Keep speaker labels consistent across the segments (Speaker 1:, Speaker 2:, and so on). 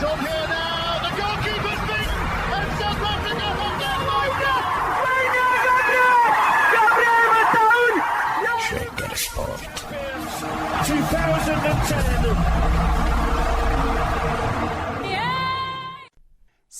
Speaker 1: Job here now.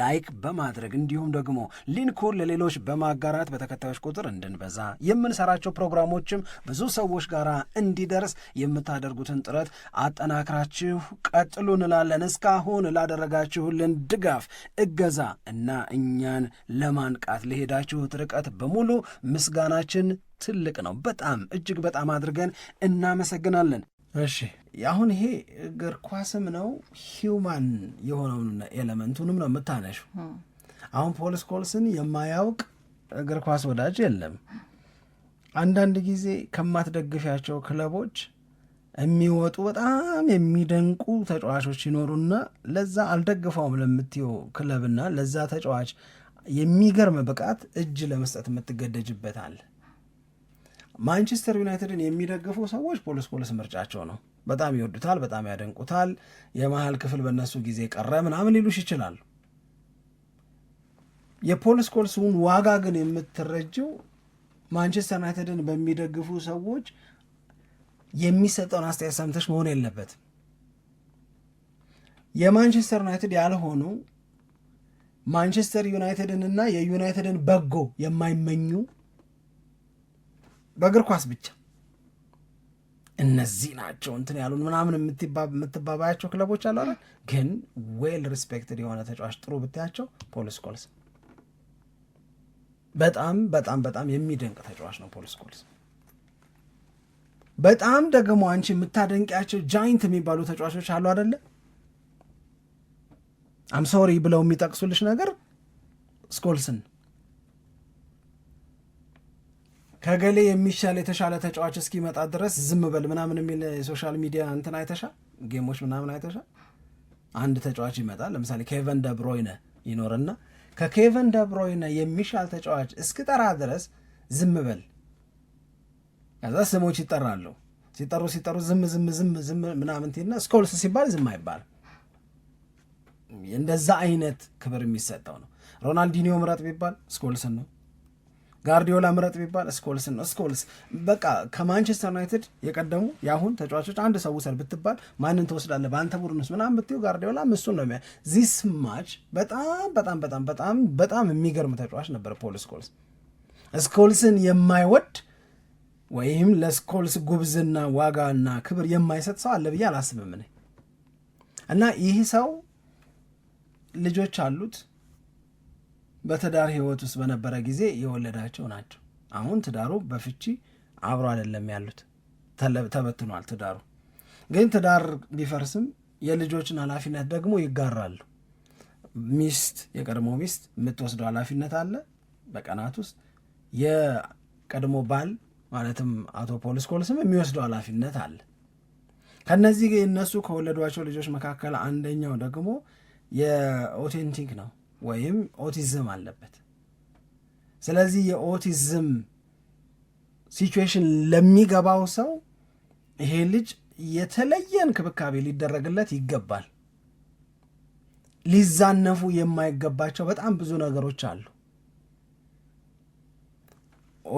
Speaker 1: ላይክ በማድረግ እንዲሁም ደግሞ ሊንኩን ለሌሎች በማጋራት በተከታዮች ቁጥር እንድንበዛ የምንሰራቸው ፕሮግራሞችም ብዙ ሰዎች ጋር እንዲደርስ የምታደርጉትን ጥረት አጠናክራችሁ ቀጥሉ እንላለን። እስካሁን ላደረጋችሁልን ድጋፍ፣ እገዛ እና እኛን ለማንቃት ለሄዳችሁት ርቀት በሙሉ ምስጋናችን ትልቅ ነው። በጣም እጅግ በጣም አድርገን እናመሰግናለን።
Speaker 2: እሺ አሁን ይሄ እግር ኳስም ነው ሂውማን የሆነውን ኤለመንቱንም ነው የምታነሹ። አሁን ፖል ስኮልስን የማያውቅ እግር ኳስ ወዳጅ የለም። አንዳንድ ጊዜ ከማትደግፊያቸው ክለቦች የሚወጡ በጣም የሚደንቁ ተጫዋቾች ይኖሩና ለዛ አልደግፈውም ለምትየው ክለብና ለዛ ተጫዋች የሚገርም ብቃት እጅ ለመስጠት የምትገደጅበታል። ማንቸስተር ዩናይትድን የሚደግፉ ሰዎች ፖሊስ ስኮልስ ምርጫቸው ነው። በጣም ይወዱታል፣ በጣም ያደንቁታል። የመሀል ክፍል በእነሱ ጊዜ ቀረ ምናምን ሊሉሽ ይችላሉ። የፖል ስኮልስን ዋጋ ግን የምትረጅው ማንቸስተር ዩናይትድን በሚደግፉ ሰዎች የሚሰጠውን አስተያየት ሰምተሽ መሆን የለበትም። የማንቸስተር ዩናይትድ ያልሆኑ ማንቸስተር ዩናይትድንና የዩናይትድን በጎ የማይመኙ በእግር ኳስ ብቻ እነዚህ ናቸው እንትን ያሉን ምናምን የምትባባያቸው ክለቦች አሉ አይደል? ግን ዌል ሪስፔክትድ የሆነ ተጫዋች ጥሩ ብታያቸው ፖል ስኮልስ በጣም በጣም በጣም የሚደንቅ ተጫዋች ነው። ፖል ስኮልስ በጣም ደግሞ አንቺ የምታደንቂያቸው ጃይንት የሚባሉ ተጫዋቾች አሉ አደለ? አምሶሪ ብለው የሚጠቅሱልሽ ነገር ስኮልስን ከገሌ የሚሻል የተሻለ ተጫዋች እስኪመጣ ድረስ ዝም በል ምናምን የሚል የሶሻል ሚዲያ እንትን አይተሻል? ጌሞች ምናምን አይተሻል? አንድ ተጫዋች ይመጣል። ለምሳሌ ኬቨን ደብሮይነ ይኖርና ከኬቨን ደብሮይነ የሚሻል ተጫዋች እስክጠራ ድረስ ዝም በል። ከዛ ስሞች ይጠራሉ። ሲጠሩ ሲጠሩ ዝም ዝም ዝም ዝም ምናምን ቲና ስኮልስ ሲባል ዝም አይባል። እንደዛ አይነት ክብር የሚሰጠው ነው። ሮናልዲኒዮ ምረጥ ቢባል ስኮልስን ነው ጋርዲዮላ ምረጥ ቢባል ስኮልስን ነው። ስኮልስ በቃ ከማንቸስተር ዩናይትድ የቀደሙ የአሁን ተጫዋቾች አንድ ሰው ውሰድ ብትባል ማንን ትወስዳለህ? በአንተ ቡድን ውስጥ ምናምን ብትዩ ጋርዲዮላ እሱን ነው የሚያ ዚስ ማች በጣም በጣም በጣም በጣም በጣም የሚገርም ተጫዋች ነበር ፖል ስኮልስ። ስኮልስን የማይወድ ወይም ለስኮልስ ጉብዝና ዋጋና ክብር የማይሰጥ ሰው አለ ብዬ አላስብም እኔ እና ይህ ሰው ልጆች አሉት በትዳር ህይወት ውስጥ በነበረ ጊዜ የወለዳቸው ናቸው። አሁን ትዳሩ በፍቺ አብሮ አይደለም ያሉት፣ ተበትኗል። ትዳሩ ግን ትዳር ቢፈርስም የልጆችን ኃላፊነት ደግሞ ይጋራሉ። ሚስት የቀድሞ ሚስት የምትወስደው ኃላፊነት አለ በቀናት ውስጥ የቀድሞ ባል ማለትም አቶ ፖሊስ ኮልስም የሚወስደው ኃላፊነት አለ። ከነዚህ እነሱ ከወለዷቸው ልጆች መካከል አንደኛው ደግሞ የኦቴንቲክ ነው ወይም ኦቲዝም አለበት። ስለዚህ የኦቲዝም ሲቹዌሽን ለሚገባው ሰው ይሄ ልጅ የተለየ እንክብካቤ ሊደረግለት ይገባል። ሊዛነፉ የማይገባቸው በጣም ብዙ ነገሮች አሉ።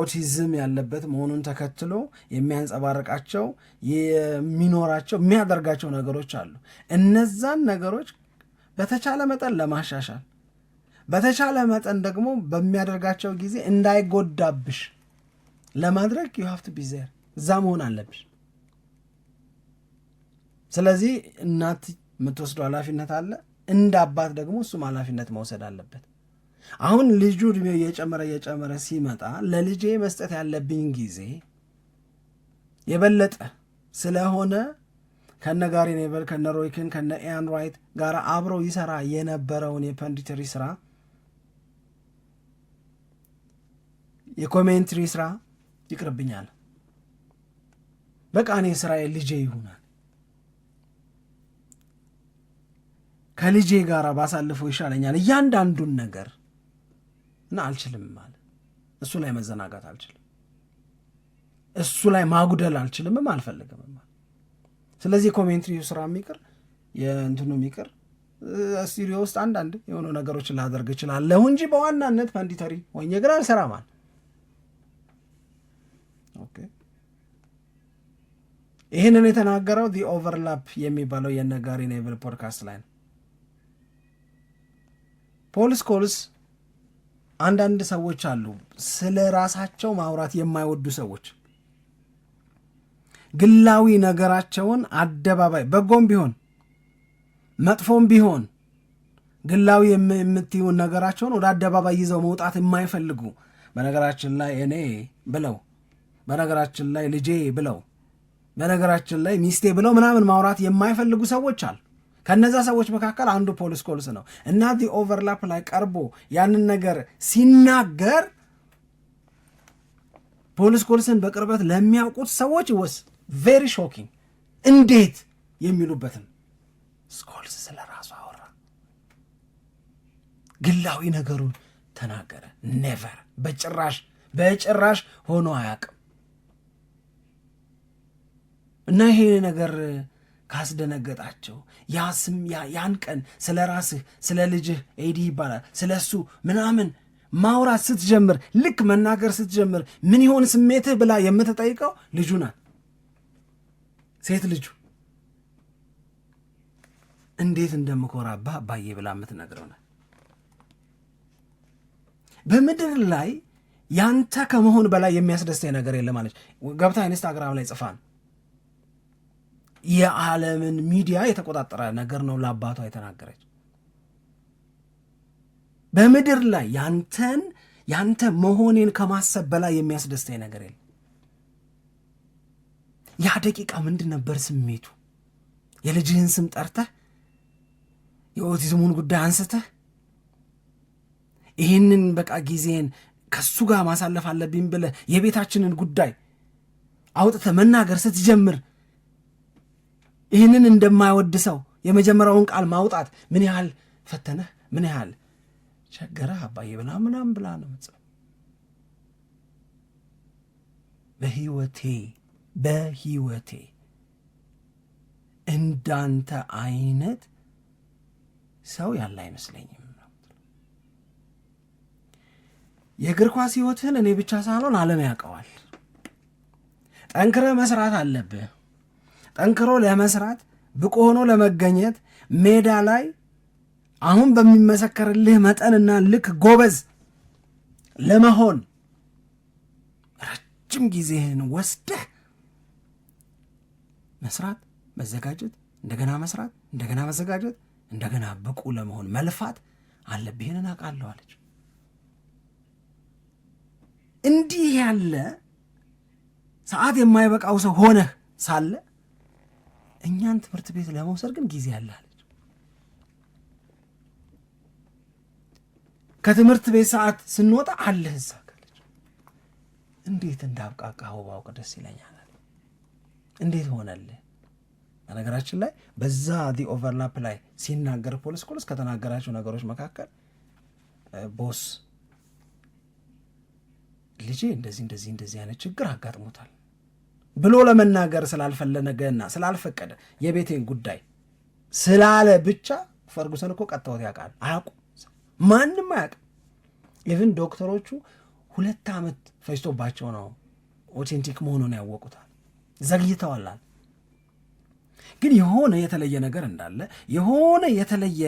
Speaker 2: ኦቲዝም ያለበት መሆኑን ተከትሎ የሚያንጸባርቃቸው የሚኖራቸው የሚያደርጋቸው ነገሮች አሉ። እነዛን ነገሮች በተቻለ መጠን ለማሻሻል በተቻለ መጠን ደግሞ በሚያደርጋቸው ጊዜ እንዳይጎዳብሽ ለማድረግ ዩ ሀፍት ቢ ዜር እዛ መሆን አለብሽ። ስለዚህ እናት የምትወስደው ኃላፊነት አለ፣ እንደ አባት ደግሞ እሱም ኃላፊነት መውሰድ አለበት። አሁን ልጁ እድሜው እየጨመረ እየጨመረ ሲመጣ ለልጄ መስጠት ያለብኝ ጊዜ የበለጠ ስለሆነ ከነ ጋሪ ኔቨል ከነ ሮይክን ከነ ኤያን ራይት ጋር አብረው ይሰራ የነበረውን የፐንዲተሪ ስራ የኮሜንትሪ ስራ ይቅርብኛል፣ በቃ እኔ ስራዬ ልጄ ይሆናል። ከልጄ ጋር ባሳልፈው ይሻለኛል እያንዳንዱን ነገር እና አልችልም አለ። እሱ ላይ መዘናጋት አልችልም፣ እሱ ላይ ማጉደል አልችልምም አልፈልግምም። ስለዚህ ኮሜንትሪው ስራ የሚቅር የእንትኑ የሚቅር ስቱዲዮ ውስጥ አንዳንድ የሆኑ ነገሮችን ላደርግ እችላለሁ እንጂ በዋናነት ፓንዲተሪ ሆኜ ግን አልሰራም አለ። ይህንን የተናገረው ዲ ኦቨርላፕ የሚባለው የነ ጋሪ ኔቭል ፖድካስት ላይ ነው። ፖል ስኮልስ አንዳንድ ሰዎች አሉ፣ ስለ ራሳቸው ማውራት የማይወዱ ሰዎች ግላዊ ነገራቸውን አደባባይ በጎም ቢሆን መጥፎም ቢሆን ግላዊ የምትሆን ነገራቸውን ወደ አደባባይ ይዘው መውጣት የማይፈልጉ በነገራችን ላይ እኔ ብለው በነገራችን ላይ ልጄ ብለው በነገራችን ላይ ሚስቴ ብለው ምናምን ማውራት የማይፈልጉ ሰዎች አሉ። ከነዛ ሰዎች መካከል አንዱ ፖል ስኮልስ ነው እና ዲ ኦቨርላፕ ላይ ቀርቦ ያንን ነገር ሲናገር ፖል ስኮልስን በቅርበት ለሚያውቁት ሰዎች ወስ ቬሪ ሾኪንግ እንዴት የሚሉበትን ስኮልስ ስለ ራሱ አወራ፣ ግላዊ ነገሩን ተናገረ። ኔቨር በጭራሽ በጭራሽ ሆኖ አያውቅም። እና ይሄ ነገር ካስደነገጣቸው ያስም ያን ቀን ስለ ራስህ ስለ ልጅህ ኤዲ ይባላል ስለ እሱ ምናምን ማውራት ስትጀምር ልክ መናገር ስትጀምር ምን ይሆን ስሜትህ ብላ የምትጠይቀው ልጁ ናት። ሴት ልጁ እንዴት እንደምኮራባ አባዬ ብላ የምትነግረው ናት። በምድር ላይ ያንተ ከመሆን በላይ የሚያስደስተኝ ነገር የለም አለች። ገብታ ኢንስታግራም ላይ ጽፋ ነው የዓለምን ሚዲያ የተቆጣጠረ ነገር ነው ለአባቷ የተናገረች። በምድር ላይ ያንተን ያንተ መሆኔን ከማሰብ በላይ የሚያስደስተኝ ነገር የለ። ያ ደቂቃ ምንድን ነበር ስሜቱ? የልጅህን ስም ጠርተህ የኦቲዝሙን ጉዳይ አንስተህ ይህንን በቃ ጊዜን ከሱ ጋር ማሳለፍ አለብኝ ብለህ የቤታችንን ጉዳይ አውጥተህ መናገር ስትጀምር ይህንን እንደማይወድ ሰው የመጀመሪያውን ቃል ማውጣት ምን ያህል ፈተነህ፣ ምን ያህል ቸገረህ አባዬ ብላ ምናም ብላ ነው ምጽ በህይወቴ በህይወቴ እንዳንተ አይነት ሰው ያለ አይመስለኝም። የእግር ኳስ ህይወትህን እኔ ብቻ ሳልሆን ዓለም ያውቀዋል። ጠንክረህ መስራት አለብህ። ጠንክሮ ለመስራት ብቁ ሆኖ ለመገኘት ሜዳ ላይ አሁን በሚመሰከርልህ መጠንና ልክ ጎበዝ ለመሆን ረጅም ጊዜህን ወስደህ መስራት፣ መዘጋጀት፣ እንደገና መስራት፣ እንደገና መዘጋጀት፣ እንደገና ብቁ ለመሆን መልፋት አለብህን አውቃለሁ አለች። እንዲህ ያለ ሰዓት የማይበቃው ሰው ሆነህ ሳለ እኛን ትምህርት ቤት ለመውሰድ ግን ጊዜ አለ አለች። ከትምህርት ቤት ሰዓት ስንወጣ አለህ እዛ ካለች እንዴት እንዳብቃቃሁ ባውቅ ደስ ይለኛል። እንዴት ሆነልህ? በነገራችን ላይ በዛ ዲ ኦቨርላፕ ላይ ሲናገር ፖሊስ ኮልስ ከተናገራቸው ነገሮች መካከል ቦስ ልጄ እንደዚህ እንደዚህ እንደዚህ አይነት ችግር አጋጥሞታል ብሎ ለመናገር ስላልፈለነገና ስላልፈቀደ የቤቴን ጉዳይ ስላለ ብቻ ፈርጉሰን እኮ ቀጥተውት ያውቃል። አያውቁም፣ ማንም አያውቅም። ኢቭን ዶክተሮቹ ሁለት ዓመት ፈጅቶባቸው ነው ኦቴንቲክ መሆኑን ያወቁታል። ዘግይተዋላል። ግን የሆነ የተለየ ነገር እንዳለ የሆነ የተለየ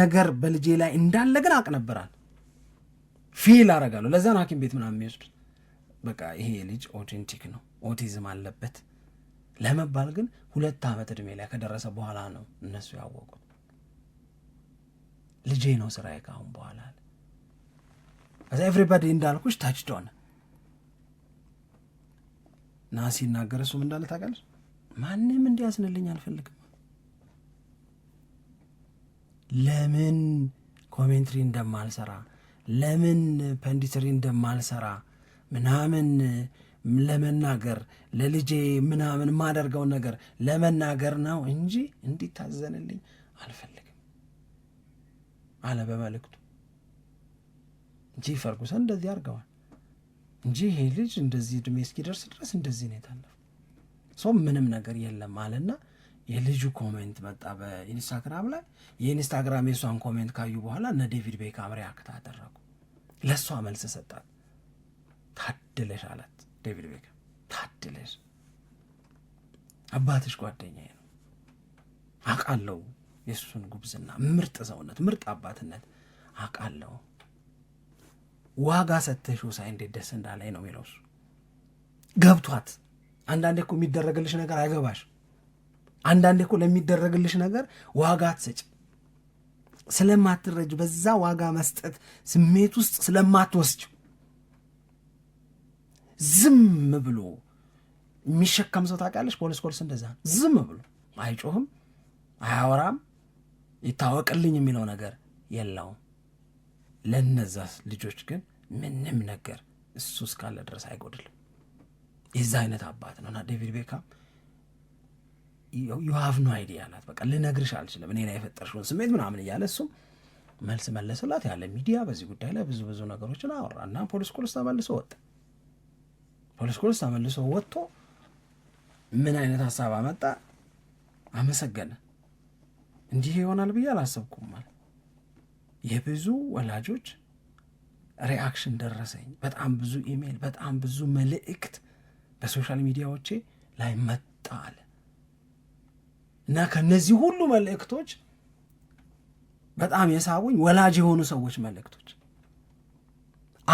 Speaker 2: ነገር በልጄ ላይ እንዳለ ግን አቅ ነበራል ፊል አረጋለሁ። ለዛ ነው ሐኪም ቤት ምናምን የሚወስዱት በቃ ይሄ ልጅ ኦቴንቲክ ነው፣ ኦቲዝም አለበት ለመባል ግን ሁለት ዓመት ዕድሜ ላይ ከደረሰ በኋላ ነው እነሱ ያወቁት። ልጄ ነው ስራዬ ካሁን በኋላ ከዛ ኤቭሪባዲ እንዳልኩሽ ታች ደሆነ ና ሲናገር እሱም እንዳለ ታውቃለች። ማንም እንዲያዝንልኝ አልፈልግም። ለምን ኮሜንትሪ እንደማልሰራ ለምን ፐንዲትሪ እንደማልሰራ ምናምን ለመናገር ለልጄ ምናምን የማደርገውን ነገር ለመናገር ነው እንጂ እንዲታዘንልኝ አልፈልግም አለ በመልእክቱ። እንጂ ፈርጉሰን እንደዚህ አድርገዋል እንጂ ይሄ ልጅ እንደዚህ እድሜ እስኪደርስ ድረስ እንደዚህ ነው የታለፉ ሰው ምንም ነገር የለም አለና የልጁ ኮሜንት መጣ በኢንስታግራም ላይ። የኢንስታግራም የእሷን ኮሜንት ካዩ በኋላ እነ ዴቪድ ቤካም ሪያክት አደረጉ። ለእሷ መልስ ሰጣት። ታድለሽ አላት ዴቪድ ቤክሃም። ታድለሽ አባትሽ ጓደኛዬ ነው አውቃለሁ፣ የእሱን ጉብዝና፣ ምርጥ ሰውነት፣ ምርጥ አባትነት አቃለው ዋጋ ሰተሽ ሳይ እንዴት ደስ እንዳላይ ነው የሚለው እሱ ገብቷት። አንዳንዴ እኮ የሚደረግልሽ ነገር አይገባሽ። አንዳንዴ እኮ ለሚደረግልሽ ነገር ዋጋ አትሰጭ ስለማትረጅ በዛ ዋጋ መስጠት ስሜት ውስጥ ስለማትወስጅ ዝም ብሎ የሚሸከም ሰው ታውቃለች። ፖሊስ ኮልስ እንደዛ ዝም ብሎ አይጮህም፣ አያወራም፣ ይታወቅልኝ የሚለው ነገር የለውም። ለነዛ ልጆች ግን ምንም ነገር እሱ እስካለ ድረስ አይጎድልም። የዛ አይነት አባት ነው እና ዴቪድ ቤካም ዩ ሀቭ ኖ አይዲያ አላት። በቃ ልነግርሽ አልችልም እኔ የፈጠርሽውን ስሜት ምናምን እያለ እሱም መልስ መለስላት። ያለ ሚዲያ በዚህ ጉዳይ ላይ ብዙ ብዙ ነገሮችን አወራ እና ፖሊስ ኮልስ ተመልሶ ወጣ። ፖለስኮልስ ተመልሶ ወጥቶ ምን አይነት ሀሳብ አመጣ? አመሰገነ። እንዲህ ይሆናል ብዬ አላሰብኩም ማለት የብዙ ወላጆች ሪአክሽን ደረሰኝ። በጣም ብዙ ኢሜይል፣ በጣም ብዙ መልእክት በሶሻል ሚዲያዎቼ ላይ መጣ አለ እና ከነዚህ ሁሉ መልእክቶች በጣም የሳቡኝ ወላጅ የሆኑ ሰዎች መልእክቶች፣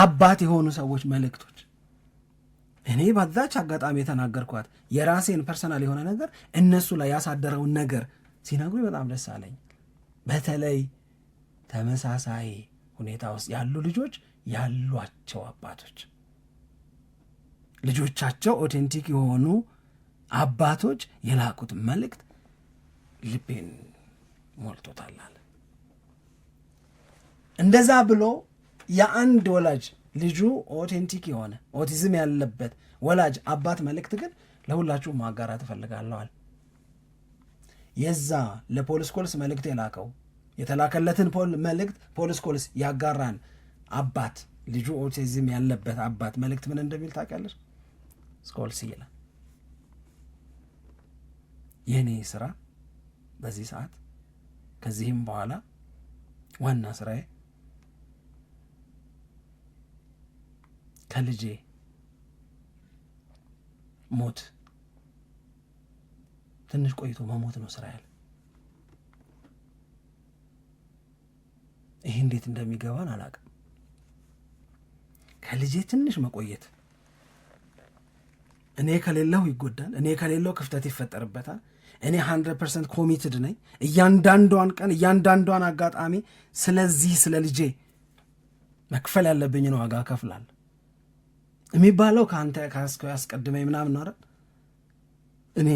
Speaker 2: አባት የሆኑ ሰዎች መልእክቶች እኔ ባዛች አጋጣሚ የተናገርኳት የራሴን ፐርሰናል የሆነ ነገር እነሱ ላይ ያሳደረውን ነገር ሲነግሩ በጣም ደስ አለኝ። በተለይ ተመሳሳይ ሁኔታ ውስጥ ያሉ ልጆች ያሏቸው አባቶች ልጆቻቸው ኦቴንቲክ የሆኑ አባቶች የላኩት መልእክት ልቤን ሞልቶታል። እንደዛ ብሎ የአንድ ወላጅ ልጁ ኦቴንቲክ የሆነ ኦቲዝም ያለበት ወላጅ አባት መልእክት ግን ለሁላችሁ ማጋራት እፈልጋለዋል። የዛ ለፖሊስ ኮልስ መልእክት የላከው የተላከለትን መልእክት ፖሊስ ኮልስ ያጋራን አባት ልጁ ኦቲዝም ያለበት አባት መልእክት ምን እንደሚል ታውቂያለሽ? ስኮልስ ይላል የእኔ ስራ በዚህ ሰዓት ከዚህም በኋላ ዋና ስራዬ ከልጄ ሞት ትንሽ ቆይቶ መሞት ነው ያለ። ይህ እንዴት እንደሚገባን አላቅም። ከልጄ ትንሽ መቆየት እኔ ከሌለው ይጎዳል። እኔ ከሌለው ክፍተት ይፈጠርበታል። እኔ ሀንድረድ ፐርሰንት ኮሚትድ ነኝ። እያንዳንዷን ቀን እያንዳንዷን አጋጣሚ ስለዚህ ስለ ልጄ መክፈል ያለብኝን ዋጋ እከፍላለሁ። የሚባለው ከአንተ ከስከው ያስቀድመኝ ምናምን አረ እኔ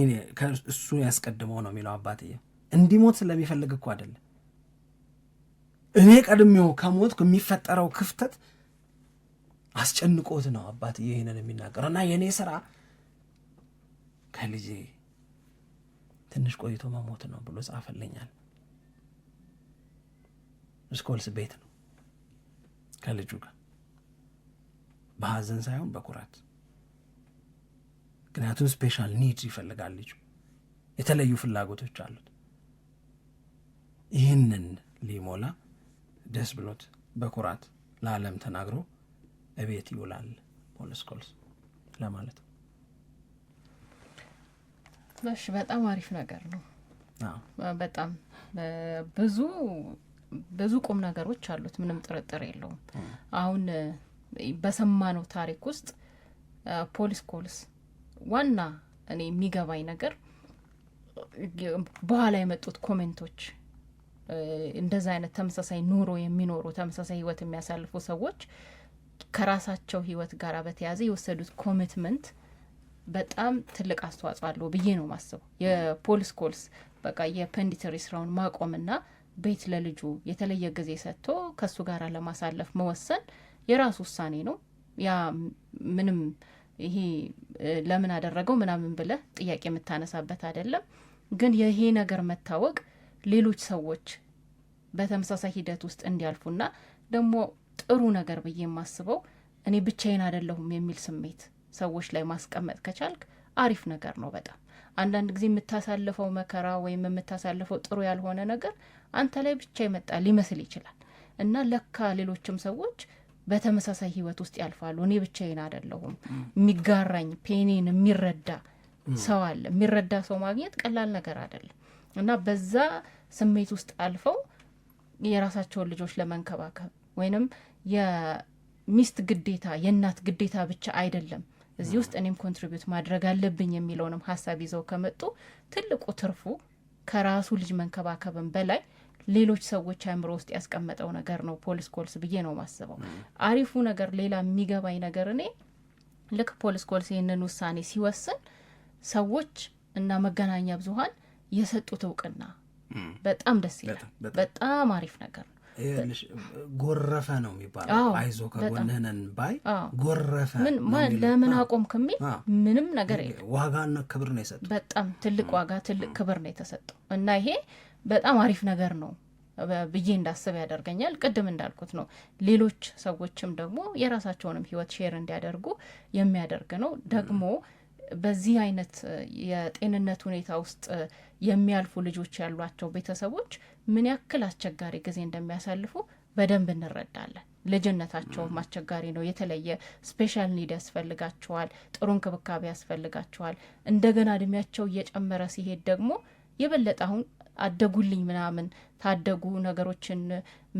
Speaker 2: እሱ ያስቀድመው ነው የሚለው አባትዬ። እንዲሞት ስለሚፈልግ እኮ አይደለም። እኔ ቀድሜው ከሞት የሚፈጠረው ክፍተት አስጨንቆት ነው አባትዬ ይህንን የሚናገረው። እና የእኔ ስራ ከልጄ ትንሽ ቆይቶ መሞት ነው ብሎ ጻፈልኛል። ስኮልስ ቤት ነው ከልጁ ጋር በሀዘን ሳይሆን በኩራት ምክንያቱም ስፔሻል ኒድ ይፈልጋል ልጁ የተለዩ ፍላጎቶች አሉት ይህንን ሊሞላ ደስ ብሎት በኩራት ለዓለም ተናግሮ እቤት ይውላል ፖል ስኮልስ ለማለት ነው።
Speaker 3: እሺ፣ በጣም አሪፍ ነገር ነው። በጣም ብዙ ብዙ ቁም ነገሮች አሉት፣ ምንም ጥርጥር የለውም። አሁን በሰማነው ታሪክ ውስጥ ፖሊስ ኮልስ ዋና እኔ የሚገባኝ ነገር በኋላ የመጡት ኮሜንቶች እንደዛ አይነት ተመሳሳይ ኑሮ የሚኖሩ ተመሳሳይ ህይወት የሚያሳልፉ ሰዎች ከራሳቸው ህይወት ጋር በተያያዘ የወሰዱት ኮሚትመንት በጣም ትልቅ አስተዋጽኦ አለው ብዬ ነው ማስበው። የፖሊስ ኮልስ በቃ የፐንዲተሪ ስራውን ማቆምና ቤት ለልጁ የተለየ ጊዜ ሰጥቶ ከሱ ጋር ለማሳለፍ መወሰን የራሱ ውሳኔ ነው። ያ ምንም ይሄ ለምን አደረገው ምናምን ብለ ጥያቄ የምታነሳበት አይደለም። ግን ይሄ ነገር መታወቅ ሌሎች ሰዎች በተመሳሳይ ሂደት ውስጥ እንዲያልፉና ደግሞ ጥሩ ነገር ብዬ የማስበው እኔ ብቻዬን አደለሁም የሚል ስሜት ሰዎች ላይ ማስቀመጥ ከቻልክ አሪፍ ነገር ነው። በጣም አንዳንድ ጊዜ የምታሳልፈው መከራ ወይም የምታሳልፈው ጥሩ ያልሆነ ነገር አንተ ላይ ብቻ ይመጣ ሊመስል ይችላል እና ለካ ሌሎችም ሰዎች በተመሳሳይ ህይወት ውስጥ ያልፋሉ። እኔ ብቻዬን አይደለሁም። የሚጋራኝ ፔኔን የሚረዳ ሰው አለ። የሚረዳ ሰው ማግኘት ቀላል ነገር አይደለም እና በዛ ስሜት ውስጥ አልፈው የራሳቸውን ልጆች ለመንከባከብ ወይንም የሚስት ግዴታ የእናት ግዴታ ብቻ አይደለም እዚህ ውስጥ እኔም ኮንትሪቢዩት ማድረግ አለብኝ የሚለውንም ሀሳብ ይዘው ከመጡ ትልቁ ትርፉ ከራሱ ልጅ መንከባከብን በላይ ሌሎች ሰዎች አእምሮ ውስጥ ያስቀመጠው ነገር ነው ፖል ስኮልስ ብዬ ነው ማስበው። አሪፉ ነገር ሌላ የሚገባኝ ነገር እኔ ልክ ፖል ስኮልስ ይህንን ውሳኔ ሲወስን ሰዎች እና መገናኛ ብዙኃን የሰጡት እውቅና በጣም ደስ ይላል። በጣም አሪፍ
Speaker 2: ነገር ነው። ጎረፈ ነው የሚባለው። አይዞ ከጎንህነን ባይ
Speaker 3: ጎረፈ። ለምን አቆም የሚል ምንም
Speaker 2: ነገር የለም። ዋጋና
Speaker 3: ክብር ነው የሰጡት። በጣም ትልቅ ዋጋ፣ ትልቅ ክብር ነው የተሰጠው እና ይሄ በጣም አሪፍ ነገር ነው ብዬ እንዳስብ ያደርገኛል። ቅድም እንዳልኩት ነው ሌሎች ሰዎችም ደግሞ የራሳቸውንም ህይወት ሼር እንዲያደርጉ የሚያደርግ ነው። ደግሞ በዚህ አይነት የጤንነት ሁኔታ ውስጥ የሚያልፉ ልጆች ያሏቸው ቤተሰቦች ምን ያክል አስቸጋሪ ጊዜ እንደሚያሳልፉ በደንብ እንረዳለን። ልጅነታቸውም አስቸጋሪ ነው። የተለየ ስፔሻል ኒድ ያስፈልጋቸዋል። ጥሩ እንክብካቤ ያስፈልጋቸዋል። እንደገና እድሜያቸው እየጨመረ ሲሄድ ደግሞ የበለጠ አሁን አደጉልኝ ምናምን ታደጉ ነገሮችን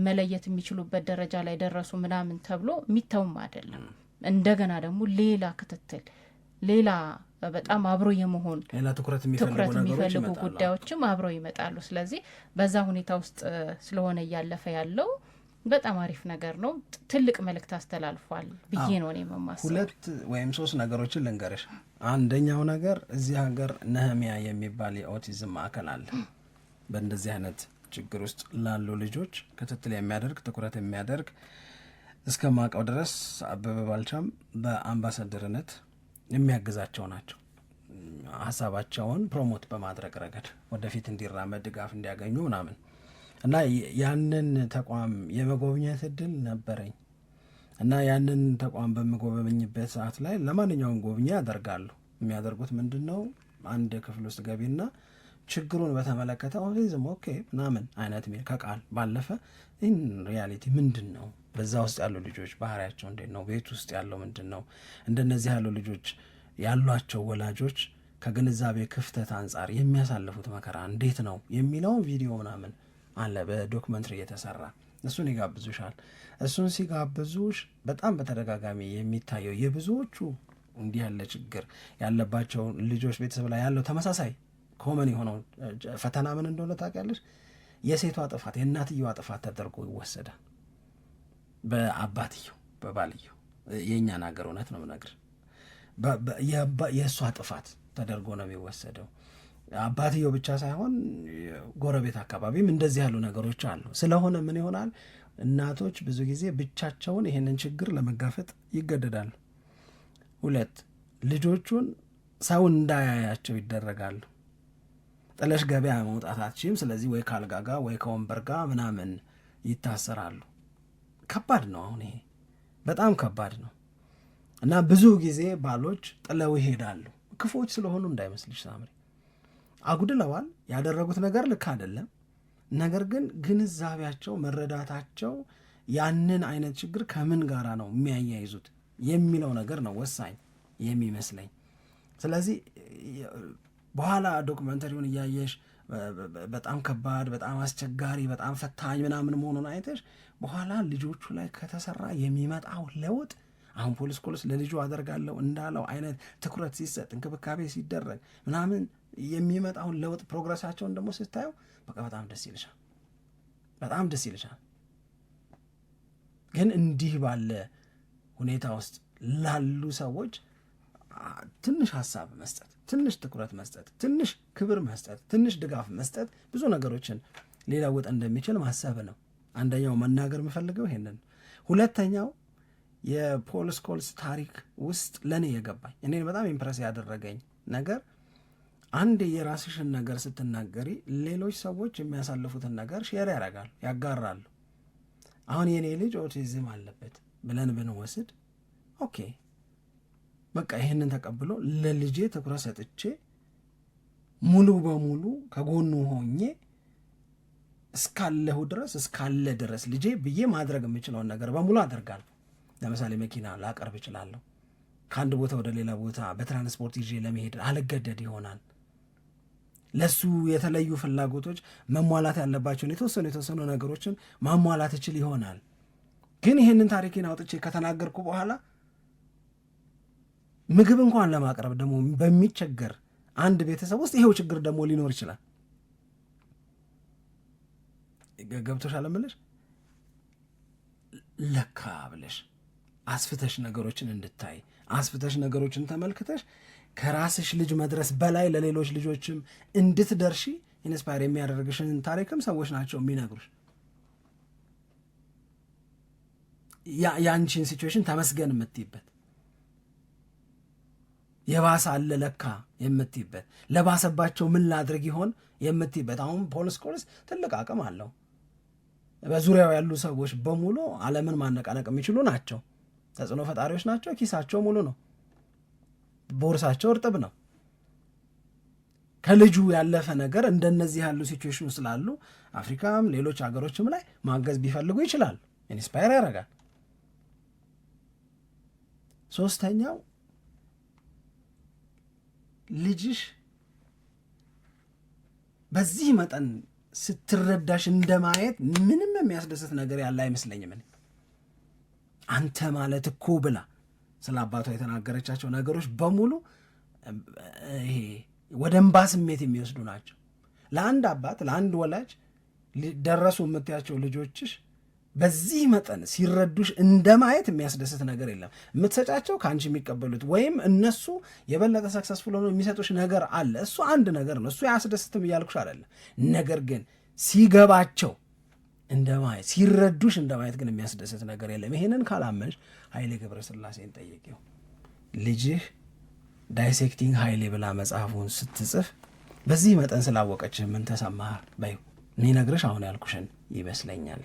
Speaker 3: መለየት የሚችሉበት ደረጃ ላይ ደረሱ ምናምን ተብሎ የሚተውም አይደለም። እንደገና ደግሞ ሌላ ክትትል፣ ሌላ በጣም
Speaker 2: አብሮ የመሆን
Speaker 3: ትኩረት የሚፈልጉ ጉዳዮችም አብረው ይመጣሉ። ስለዚህ በዛ ሁኔታ ውስጥ ስለሆነ እያለፈ ያለው በጣም አሪፍ ነገር ነው። ትልቅ መልእክት አስተላልፏል ብዬ
Speaker 2: ነው እኔ የማስበው። ሁለት ወይም ሶስት ነገሮችን ልንገርሽ። አንደኛው ነገር እዚህ ሀገር ነህሚያ የሚባል የኦቲዝም ማዕከል አለ በእንደዚህ አይነት ችግር ውስጥ ላሉ ልጆች ክትትል የሚያደርግ ትኩረት የሚያደርግ እስከ ማቀው ድረስ አበበ ባልቻም በአምባሳደርነት የሚያግዛቸው ናቸው። ሀሳባቸውን ፕሮሞት በማድረግ ረገድ ወደፊት እንዲራመድ ድጋፍ እንዲያገኙ ምናምን እና ያንን ተቋም የመጎብኘት እድል ነበረኝ እና ያንን ተቋም በምጎበኝበት ሰዓት ላይ ለማንኛውም ጎብኚ ያደርጋሉ። የሚያደርጉት ምንድን ነው? አንድ ክፍል ውስጥ ገቢና ችግሩን በተመለከተ ኦቲዝም ኦኬ ምናምን አይነት ሚል ከቃል ባለፈ ኢን ሪያሊቲ ምንድን ነው በዛ ውስጥ ያሉ ልጆች ባህሪያቸው እንዴት ነው? ቤት ውስጥ ያለው ምንድን ነው? እንደነዚህ ያሉ ልጆች ያሏቸው ወላጆች ከግንዛቤ ክፍተት አንጻር የሚያሳልፉት መከራ እንዴት ነው የሚለውን ቪዲዮ ምናምን አለ በዶክመንትሪ እየተሰራ እሱን ይጋብዙሻል። እሱን ሲጋብዙሽ በጣም በተደጋጋሚ የሚታየው የብዙዎቹ እንዲህ ያለ ችግር ያለባቸው ልጆች ቤተሰብ ላይ ያለው ተመሳሳይ ኮመን የሆነው ፈተና ምን እንደሆነ ታውቂያለሽ? የሴቷ ጥፋት የእናትየዋ ጥፋት ተደርጎ ይወሰዳል። በአባትየው በባልየው የእኛን ሀገር እውነት ነው ምነግር የእሷ ጥፋት ተደርጎ ነው የሚወሰደው። አባትየው ብቻ ሳይሆን ጎረቤት አካባቢም እንደዚህ ያሉ ነገሮች አሉ። ስለሆነ ምን ይሆናል እናቶች ብዙ ጊዜ ብቻቸውን ይሄንን ችግር ለመጋፈጥ ይገደዳሉ። ሁለት ልጆቹን ሰው እንዳያያቸው ይደረጋሉ። ጥለሽ ገበያ መውጣት አትችም። ስለዚህ ወይ ከአልጋ ጋ ወይ ከወንበር ጋ ምናምን ይታሰራሉ። ከባድ ነው። አሁን ይሄ በጣም ከባድ ነው እና ብዙ ጊዜ ባሎች ጥለው ይሄዳሉ። ክፉዎች ስለሆኑ እንዳይመስልሽ ሳምሪ። አጉድለዋል። ያደረጉት ነገር ልክ አይደለም። ነገር ግን ግንዛቤያቸው፣ መረዳታቸው ያንን አይነት ችግር ከምን ጋራ ነው የሚያያይዙት የሚለው ነገር ነው ወሳኝ የሚመስለኝ። ስለዚህ በኋላ ዶክመንተሪውን እያየሽ በጣም ከባድ፣ በጣም አስቸጋሪ፣ በጣም ፈታኝ ምናምን መሆኑን አይተሽ በኋላ ልጆቹ ላይ ከተሰራ የሚመጣው ለውጥ አሁን ፖሊስ ኮልስ ለልጁ አደርጋለሁ እንዳለው አይነት ትኩረት ሲሰጥ እንክብካቤ ሲደረግ ምናምን የሚመጣውን ለውጥ ፕሮግረሳቸውን ደግሞ ስታየው በቃ በጣም ደስ ይልሻል፣ በጣም ደስ ይልሻል። ግን እንዲህ ባለ ሁኔታ ውስጥ ላሉ ሰዎች ትንሽ ሀሳብ መስጠት ትንሽ ትኩረት መስጠት፣ ትንሽ ክብር መስጠት፣ ትንሽ ድጋፍ መስጠት ብዙ ነገሮችን ሊለውጥ እንደሚችል ማሰብ ነው። አንደኛው መናገር የምፈልገው ይሄንን። ሁለተኛው የፖል ስኮልስ ታሪክ ውስጥ ለእኔ የገባኝ እኔን በጣም ኢምፕረስ ያደረገኝ ነገር አንድ የራስሽን ነገር ስትናገሪ ሌሎች ሰዎች የሚያሳልፉትን ነገር ሼር ያደርጋሉ፣ ያጋራሉ። አሁን የኔ ልጅ ኦቲዝም አለበት ብለን ብንወስድ ኦኬ በቃ ይህንን ተቀብሎ ለልጄ ትኩረት ሰጥቼ ሙሉ በሙሉ ከጎኑ ሆኜ እስካለሁ ድረስ እስካለ ድረስ ልጄ ብዬ ማድረግ የምችለውን ነገር በሙሉ አደርጋለሁ። ለምሳሌ መኪና ላቀርብ እችላለሁ። ከአንድ ቦታ ወደ ሌላ ቦታ በትራንስፖርት ይዤ ለመሄድ አልገደድ ይሆናል። ለሱ የተለዩ ፍላጎቶች መሟላት ያለባቸውን የተወሰኑ የተወሰኑ ነገሮችን ማሟላት እችል ይሆናል። ግን ይህንን ታሪኬን አውጥቼ ከተናገርኩ በኋላ ምግብ እንኳን ለማቅረብ ደግሞ በሚቸገር አንድ ቤተሰብ ውስጥ ይሄው ችግር ደግሞ ሊኖር ይችላል። ገብቶሻል እምልሽ ለካ ብለሽ አስፍተሽ ነገሮችን እንድታይ አስፍተሽ ነገሮችን ተመልክተሽ ከራስሽ ልጅ መድረስ በላይ ለሌሎች ልጆችም እንድትደርሺ ኢንስፓየር የሚያደርግሽን ታሪክም ሰዎች ናቸው የሚነግሩሽ። የአንቺን ሲትዌሽን ተመስገን የምትይበት የባሰ አለ ለካ የምትይበት ለባሰባቸው ምን ላድርግ ይሆን የምትይበት። አሁን ፖል ስኮልስ ትልቅ አቅም አለው። በዙሪያው ያሉ ሰዎች በሙሉ ዓለምን ማነቃነቅ የሚችሉ ናቸው። ተጽዕኖ ፈጣሪዎች ናቸው። ኪሳቸው ሙሉ ነው። ቦርሳቸው እርጥብ ነው። ከልጁ ያለፈ ነገር እንደነዚህ ያሉ ሲቹዌሽኑ ስላሉ አፍሪካም ሌሎች ሀገሮችም ላይ ማገዝ ቢፈልጉ ይችላል ኢንስፓየር ያደርጋል። ሶስተኛው ልጅሽ በዚህ መጠን ስትረዳሽ እንደማየት ምንም የሚያስደስት ነገር ያለ አይመስለኝም። አንተ ማለት እኮ ብላ ስለ አባቷ የተናገረቻቸው ነገሮች በሙሉ ይሄ ወደ እንባ ስሜት የሚወስዱ ናቸው። ለአንድ አባት ለአንድ ወላጅ ደረሱ የምትያቸው ልጆችሽ በዚህ መጠን ሲረዱሽ እንደ ማየት የሚያስደስት ነገር የለም። የምትሰጫቸው ከአንቺ የሚቀበሉት ወይም እነሱ የበለጠ ሰክሰስፉል ሆኖ የሚሰጡሽ ነገር አለ። እሱ አንድ ነገር ነው። እሱ ያስደስትም እያልኩሽ አይደለም። ነገር ግን ሲገባቸው እንደ ማየት ሲረዱሽ እንደ ማየት ግን የሚያስደስት ነገር የለም። ይሄንን ካላመንሽ ኃይሌ ገብረስላሴን ጠይቂው። ልጅህ ዳይሴክቲንግ ኃይሌ ብላ መጽሐፉን ስትጽፍ በዚህ መጠን ስላወቀችህ ምን ተሰማህ በይው። እኔ ነግርሽ አሁን ያልኩሽን ይመስለኛል።